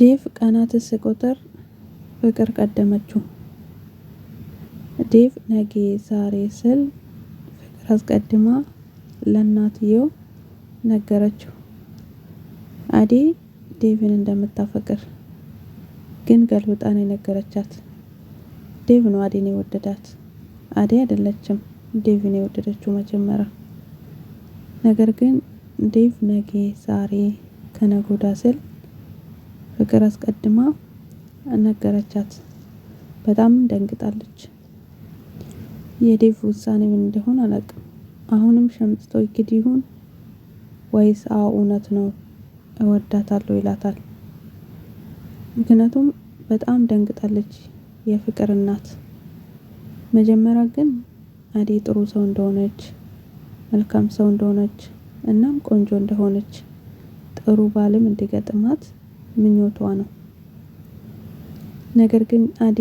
ዴቭ ቀናትን ስቆጥር ፍቅር ቀደመችው። ዴቭ ነገ ዛሬ ስል ፍቅር አስቀድማ ለእናትየው ነገረችው። አዴ ዴቭን እንደምታፈቅር ግን ገልብጣ ነው የነገረቻት። ዴቭ ነው አዴን የወደዳት፣ አዴ አይደለችም ዴቭን የወደደችው መጀመሪያ። ነገር ግን ዴቭ ነገ ዛሬ ከነጎዳ ስል ፍቅር አስቀድማ ነገረቻት በጣም ደንግጣለች። የዴቭ ውሳኔ ምን እንደሆነ አላውቅም። አሁንም ሸምጥቶ ይክድ ይሁን ወይስ አ እውነት ነው እወዳታለሁ ይላታል። ምክንያቱም በጣም ደንግጣለች የፍቅር እናት። መጀመሪያ ግን አዴ ጥሩ ሰው እንደሆነች መልካም ሰው እንደሆነች እናም ቆንጆ እንደሆነች ጥሩ ባልም እንዲገጥማት ምኞቷ ነው። ነገር ግን አዲ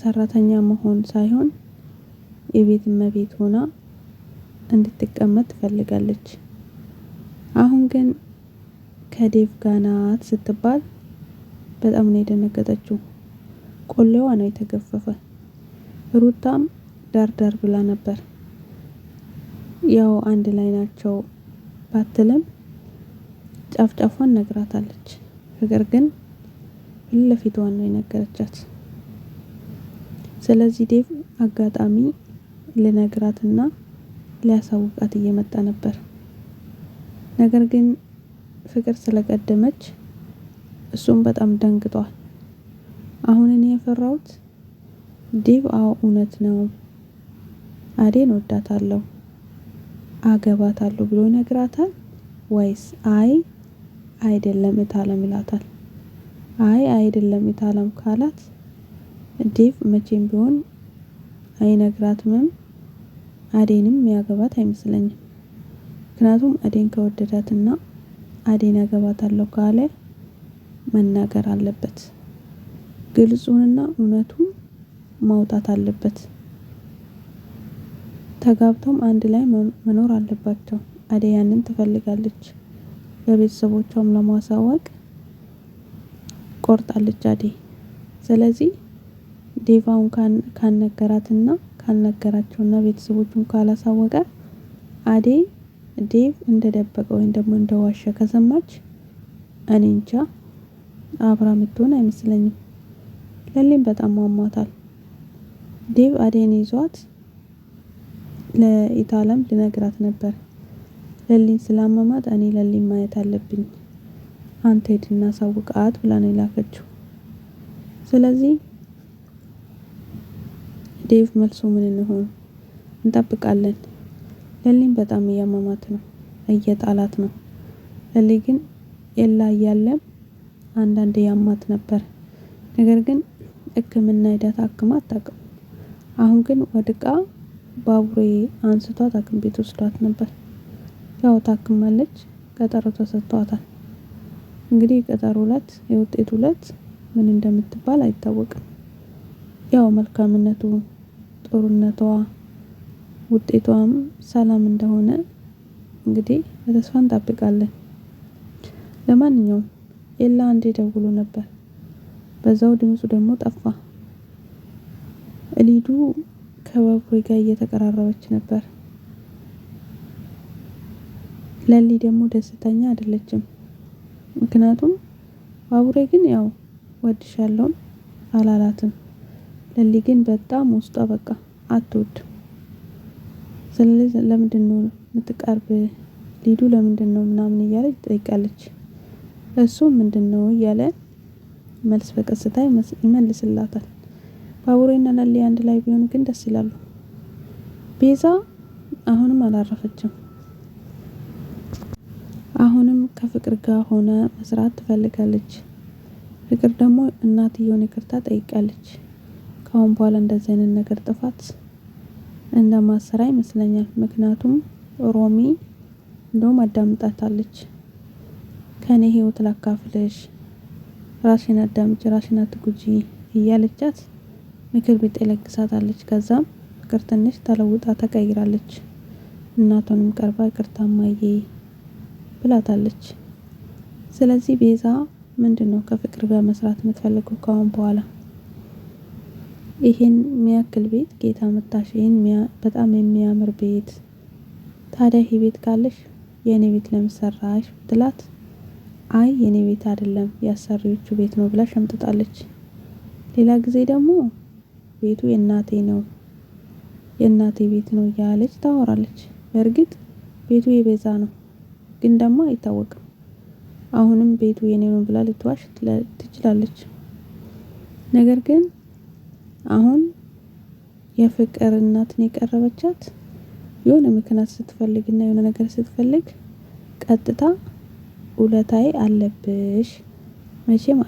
ሰራተኛ መሆን ሳይሆን የቤት እመቤት ሆና እንድትቀመጥ ትፈልጋለች። አሁን ግን ከዴቭ ጋር ናት ስትባል በጣም ነው የደነገጠችው። ቆሌዋ ነው የተገፈፈ። ሩታም ዳርዳር ብላ ነበር። ያው አንድ ላይ ናቸው ባትልም ጫፍጫፏን ነግራታለች። ነገር ግን ፊት ለፊቷን ነው የነገረቻት። ስለዚህ ዴቭ አጋጣሚ ልነግራትና ሊያሳውቃት እየመጣ ነበር። ነገር ግን ፍቅር ስለቀደመች እሱም በጣም ደንግጧል። አሁን እኔ የፈራሁት ዴቭ አዎ እውነት ነው አዴን ወዳታለሁ አገባታለሁ ብሎ ይነግራታል ወይስ አይ አይደለም እታለም ይላታል። አይ አይደለም እታለም ካላት ዴቭ መቼም ቢሆን አይነግራትምም አዴንም ያገባት አይመስለኝም። ምክንያቱም አዴን ከወደዳትና አዴን ያገባታለሁ ካለ መናገር አለበት። ግልጹንና እውነቱን ማውጣት አለበት። ተጋብተውም አንድ ላይ መኖር አለባቸው። አዴ ያንን ትፈልጋለች ለቤተሰቦቿም ለማሳወቅ ቆርጣለች አዴ ስለዚህ ዴቫውን ካልነገራትና ካልነገራቸውና ቤተሰቦቹን ካላሳወቀ አዴ ዴቭ እንደደበቀ ወይም ደግሞ እንደዋሸ ከሰማች እኔ እንጃ አብራ ምትሆን አይመስለኝም። ለሌም በጣም ማሟታል። ዴቭ አዴን ይዟት ለኢታለም ልነግራት ነበር ለሊን ስላመማት እኔ ለሊን ማየት አለብኝ አንተ ሂድና ሳውቃት ብላ ነው የላከችው። ስለዚህ ዴቭ መልሶ ምን እንሆን እንጠብቃለን። ለሊን በጣም እያመማት ነው፣ እየጣላት ነው። ለሊ ግን የላ እያለም አንዳንድ ያማት ነበር። ነገር ግን ሕክምና ሂዳት አክማ አታውቅም። አሁን ግን ወድቃ ባቡሬ አንስቷት ሐኪም ቤት ወስዷት ነበር። ያው ታክማለች ቀጠሮ ተሰጥቷታል። እንግዲህ የቀጠሮ እለት የውጤቱ እለት ምን እንደምትባል አይታወቅም። ያው መልካምነቱ ጥሩነቷ ውጤቷም ሰላም እንደሆነ እንግዲህ በተስፋ እንጠብቃለን። ለማንኛውም ኤላ አንዴ ደውሎ ነበር በዛው ድምፁ ደግሞ ጠፋ። ሊዱ ከበብሪ ጋር እየተቀራረበች ነበር ለሊ ደግሞ ደስተኛ አይደለችም። ምክንያቱም ባቡሬ ግን ያው እወድሻለሁም አላላትም ለሊ ግን በጣም ውስጧ በቃ አትወድ ስለዚህ ለምንድነው የምትቀርብ ሊዱ ለምንድነው ምናምን እያለች ትጠይቃለች። እሱ ምንድነው እያለ መልስ በቀስታ ይመልስላታል። ባቡሬና ለሊ አንድ ላይ ቢሆን ግን ደስ ይላሉ። ቤዛ አሁንም አላረፈችም አሁንም ከፍቅር ጋር ሆነ መስራት ትፈልጋለች። ፍቅር ደግሞ እናትየውን ይቅርታ ጠይቃለች። ከአሁን በኋላ እንደዚህ አይነት ነገር ጥፋት እንደማሰራ ይመስለኛል። ምክንያቱም ሮሚ እንደውም አዳምጣታለች። ከእኔ ህይወት ላካፍለሽ ራሽን አዳምጭ፣ ራሽን አትጉጂ እያለቻት ምክር ቤት ለግሳታለች። ከዛም ፍቅር ትንሽ ተለውጣ ተቀይራለች። እናቷንም ቀርባ ይቅርታ እማዬ ብላታለች። ስለዚህ ቤዛ ምንድነው ከፍቅር ጋር መስራት የምትፈልገው ካሁን በኋላ? ይሄን የሚያክል ቤት ጌታ መታሽ፣ ይሄን በጣም የሚያምር ቤት ታዲያ ይሄ ቤት ካለሽ የእኔ ቤት ለምሰራሽ ብትላት፣ አይ የእኔ ቤት አይደለም ያሰሪዎቹ ቤት ነው ብላ ሸምጥጣለች። ሌላ ጊዜ ደግሞ ቤቱ የእናቴ ነው የእናቴ ቤት ነው እያለች ታወራለች። በእርግጥ ቤቱ የቤዛ ነው። ግን ደግሞ አይታወቅም። አሁንም ቤቱ የኔ ነው ብላ ልትዋሽ ትችላለች። ነገር ግን አሁን የፍቅር እናትን የቀረበቻት የሆነ ምክንያት ስትፈልግና የሆነ ነገር ስትፈልግ ቀጥታ ውለታዬ አለብሽ መቼም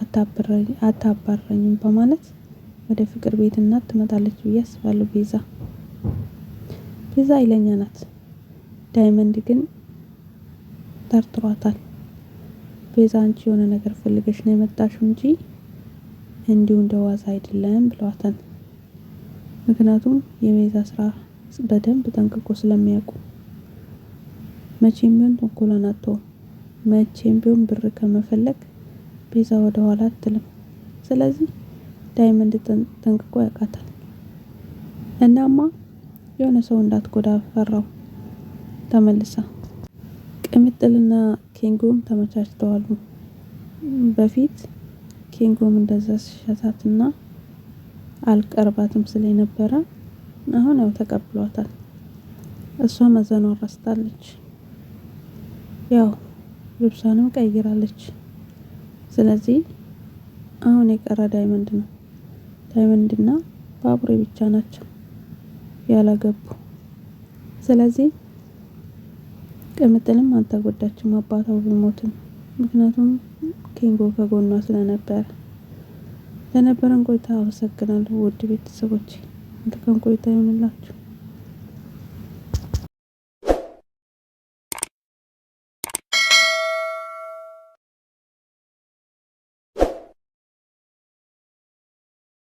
አታባረኝም በማለት ወደ ፍቅር ቤት እናት ትመጣለች ብዬ አስባለሁ። ቤዛ ቤዛ ኃይለኛ ናት። ዳይመንድ ግን ጠርጥሯታል። ቤዛ አንቺ የሆነ ነገር ፈልገሽ ነው የመጣሽው እንጂ እንዲሁ እንደ ዋዛ አይደለም ብለዋታል። ምክንያቱም የቤዛ ስራ በደንብ ጠንቅቆ ስለሚያውቁ መቼም ቢሆን ተንኮሏን አትተውም። መቼም ቢሆን ብር ከመፈለግ ቤዛ ወደ ኋላ አትልም። ስለዚህ ዳይመንድ ጠንቅቆ ያውቃታል። እናማ የሆነ ሰው እንዳትጎዳ ፈራው ተመልሳ ቅምጥልና ኬንጎም ተመቻችተዋል። በፊት ኬንጎም እንደዛ ሲሸታትና አልቀርባትም ስለ ነበረ። አሁን ያው ተቀብሏታል። እሷ መዘኗ ረስታለች። ያው ልብሷንም ቀይራለች። ስለዚህ አሁን የቀረ ዳይመንድ ነው። ዳይመንድና ባቡሬ ብቻ ናቸው ያላገቡ። ስለዚህ ቅምጥልም አልተጎዳችም አባቷ ቢሞትም ምክንያቱም ኬንጎ ከጎኗ ስለነበረ። ለነበረን ቆይታ አመሰግናለሁ ውድ ቤተሰቦች መልካም ቆይታ ይሆንላችሁ።